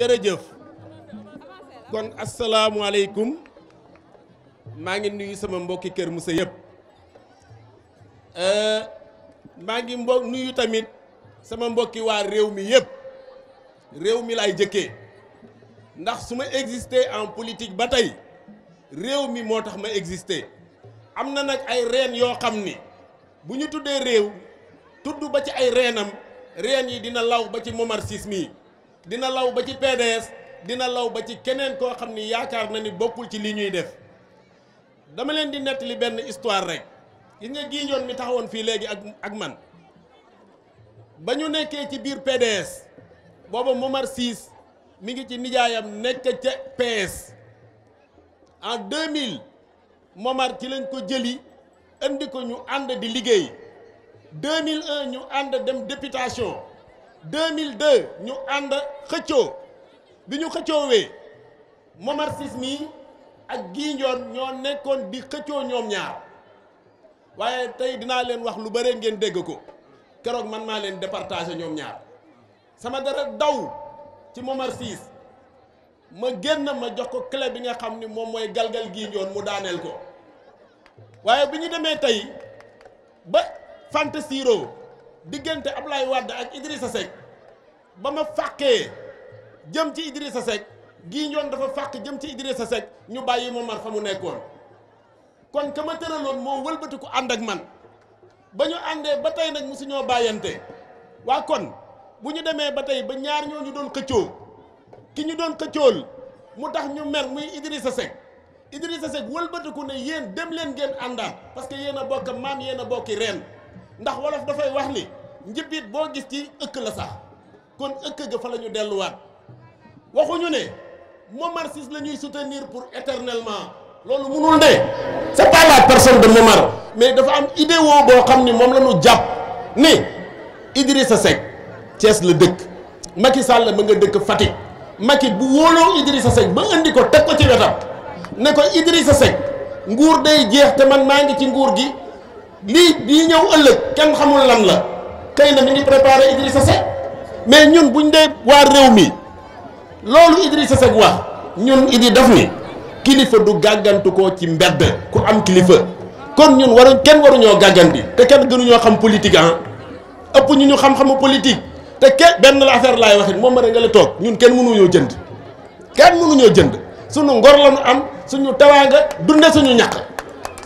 jërëjëf kon asalaamualeykum maa ngi nuyu sama mbokki Kër Moussa yëpp euh, maa ngi mbo nuyu tamit sama mbokki waa réew mi yëpp réew mi laay jëkkee ndax su ma exister en politique ba tey réew mi moo tax ma exister am na nag ay reen yoo xam ni bu ñu tuddee réew tudd ba ci ay reenam reen yi dina law ba ci Momar Ciss mii dina law ba ci PDS dina law ba ci keneen koo xam ni yaakaar na ni bokkul ci li ñuy def dama leen di nettali benn histoire rek gis nga giiñoon mi taxawoon fii léegi ak ak man ba ñu nekkee ci biir PDS booba Momar Ciss mi ngi ci nijaayam nekk ca PS en 2000 Momar ci lañ ko jëli indi ko ñu ànd di liggéey 2001 ñu ànd dem députation 2002 ñu ànd xëccoo bi ñu xëccoowee Momar Ciss mii ak Guy Ndione ñoo nekkoon di xëccoo ñoom ñaar waaye tey dinaa leen wax lu bare ngeen dégg ko keroog man maa leen départagé ñoom ñaar sama dara daw ci Momar Ciss ma génn ma jox ko clé bi nga xam ni moom mooy galgal Guy Ndione mu daaneel ko waaye bi ñu demee tey ba fantasiro diggante Ablaye Wade ak Idrissa Seck ba ma fàqee jëm ci Idrissa Seck gii ñoon dafa fàq jëm ci Idrissa Seck ñu bàyyi Momar fa mu nekkoon kon ka ma tëraloon moo wëlbatiku ànd ak man ba ñu àndee ba tey nag mosuñoo bàyyante waa kon bu ñu demee ba tey ba ñaar ñoo ñu doon xëccoo ki ñu doon xëccool mu tax ñu mer muy Idrissa Seck Idrissa Seck wëlbatiku ne yéen dem leen ngeen àndaat parce que yéen a bokk maam yéen a bokki reen ndax wolof fay wax ni njibit bo gis ci euk la sax kon euk ga fa delu wat waxu ñu ne Momar sis lañuy soutenir pour éternellement lolu mënul dé c'est pas la personne de Momar mais dafa am idée wo bo xamni mom lañu japp ni Idrissa Seck Thiès le dëkk Macky Sall ma nga dëkk fatik Macky bu wolo Idrissa Seck ba indi ko ko ci wetam ne ko Idrissa Seck nguur day jeex te man maa ci nguur gi li di ñew ëlëk kenn xamul lan la tay na mi ngi préparer Idrissa Seck mais ñun buñ dé war réew mi loolu Idrissa Seck wax ñun Idi daf ni kilifa du ko ci mbedd ku am kilifa kon ñun waru kenn ñoo gaganti te kenn ñoo xam politique han ah. ëpp ñu ñu xam xam politique te kenn benn la affaire lay waxit moom ma nga la tok ñun kenn ñoo jënd kenn ñoo jënd suñu ngor lañu am suñu tawanga dundé suñu ñak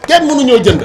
kenn ñoo jënd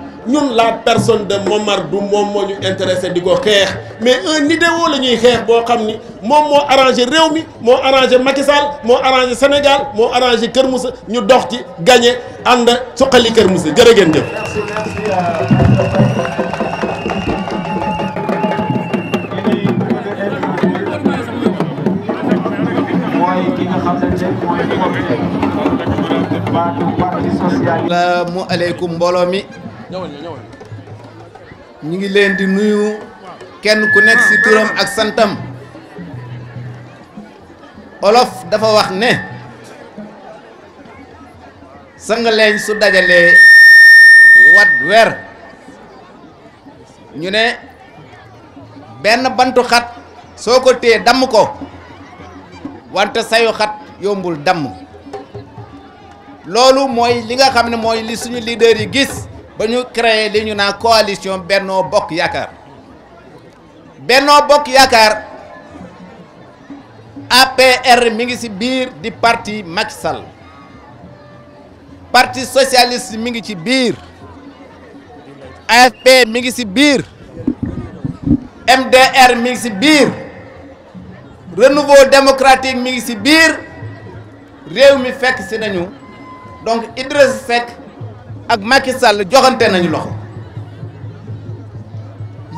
ñun la personne de Momar du moom moo ñu intéressé di ko xeex mais un idéo la ñuy xeex boo xam ni moom moo arrangé réew mi moo arrangé Macky moo arrangé Sénégal moo arrangé Kër Moussa ñu dox ci gagné ànd suqali Kër Moussa jërë ngeen jëf. merci mbooloo mi ñu ngi leen di nuyu kenn ku nekk ci turam ak santam olof dafa wax ne sangaleeñ su dajalee wat wer ñu ne benn bantu xat soo ko téye damm ko wante sayu xat yombul damm loolu mooy li nga xam ne mooy li suñu leader yi gis nous créons une li coalition bernard Bok Yakar. Bennoo Bokk Yakar, APR Mingisibir du parti Maxal. parti socialiste Mingisibir. AFP Mingisibir. MDR Mingisibir. renouveau démocratique Mingisibir. ngi ci biir donc Idrissa Fek. ak Macky Sall joxante nañu loxo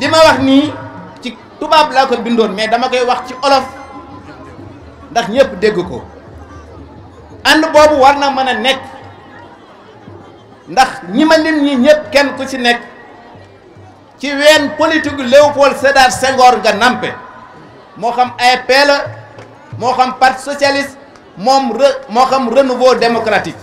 li ma wax nii ci tubaab laa ko bindoon mais dama koy wax ci olof ndax ñëpp dégg ko ànd boobu war na mën a nekk ndax ñi ma lim ñi ñëpp kenn ku ci nekk ci ween politique Léopold Sédar Senghor nga nampe moo xam AFP la moo xam parti socialiste moom re moo xam renouveau démocratique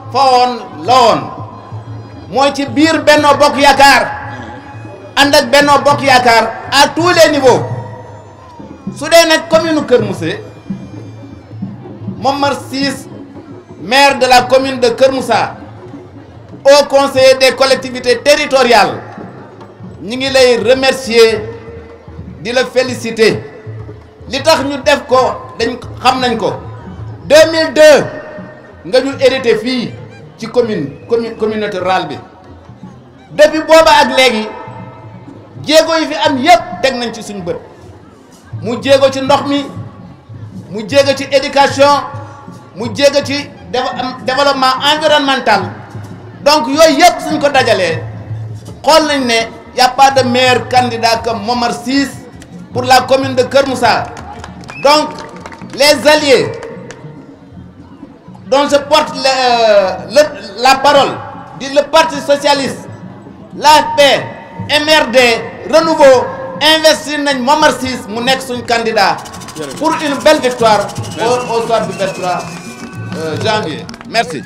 fon lon moy je ci bir Benno Bokk yakar à tous les niveaux soudé nak commune de moussé Momar Ciss maire de la commune de Kermoussa... au conseil des collectivités territoriales ñi ngi lay remercier di la féliciter li tax ñu def ko dañ xam nañ ko 2002 nga ñu hérité fii ci commune commune communauté rurale bi depuis booba ak léegi jéego yi fi am yëpp teg nañ ci suñu bët mu jéego ci ndox mi mu jéego ci éducation mu ci développement environnemental donc yoy yëpp suñ ko dajalé xool nañ y a pas de meilleur candidat que Momar 6... pour la commune de Kermoussa. donc les alliés donc je porte euh, la parole, du Parti Socialiste, l'AFP, MRD, Renouveau, investir nañ Momar Ciss mon candidat pour une belle victoire au soir du 23 euh, janvier merci